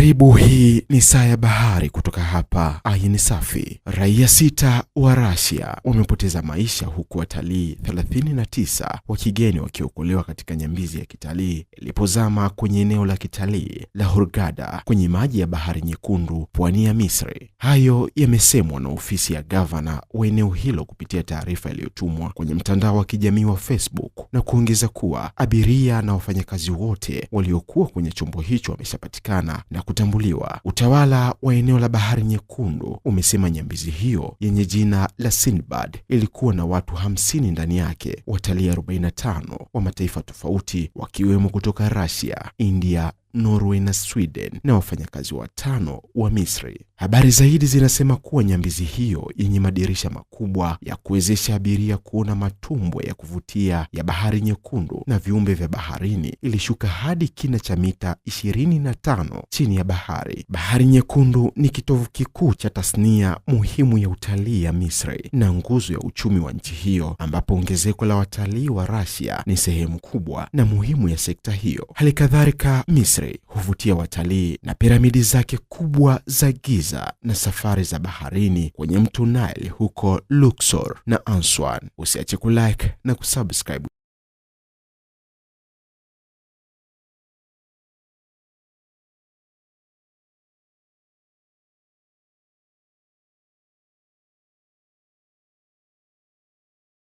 Karibu, hii ni Saa ya Bahari kutoka hapa Ayin Safi. Raia sita wa Russia wamepoteza maisha huku watalii 39 wa kigeni wakiokolewa katika nyambizi ya kitalii ilipozama kwenye eneo la kitalii la Hurghada kwenye maji ya Bahari Nyekundu, pwani ya Misri. Hayo yamesemwa na ofisi ya gavana wa eneo hilo kupitia taarifa iliyotumwa kwenye mtandao wa kijamii wa Facebook na kuongeza kuwa abiria na wafanyakazi wote waliokuwa kwenye chombo hicho wameshapatikana na kutambuliwa. Utawala wa eneo la Bahari Nyekundu umesema nyambizi hiyo yenye jina la Sindbad ilikuwa na watu 50 ndani yake, watalii 45 wa mataifa tofauti, wakiwemo kutoka Russia, India Norway na Sweden na wafanyakazi watano wa Misri. Habari zaidi zinasema kuwa nyambizi hiyo yenye madirisha makubwa ya kuwezesha abiria kuona matumbwe ya kuvutia ya Bahari Nyekundu na viumbe vya baharini ilishuka hadi kina cha mita 25 chini ya bahari. Bahari Nyekundu ni kitovu kikuu cha tasnia muhimu ya utalii ya Misri na nguzo ya uchumi wa nchi hiyo, ambapo ongezeko la watalii wa Russia ni sehemu kubwa na muhimu ya sekta hiyo. Hali kadhalika Misri Misri huvutia watalii na piramidi zake kubwa za Giza na safari za baharini kwenye mto Nile huko Luxor na Aswan. Usiache kulike na kusubscribe.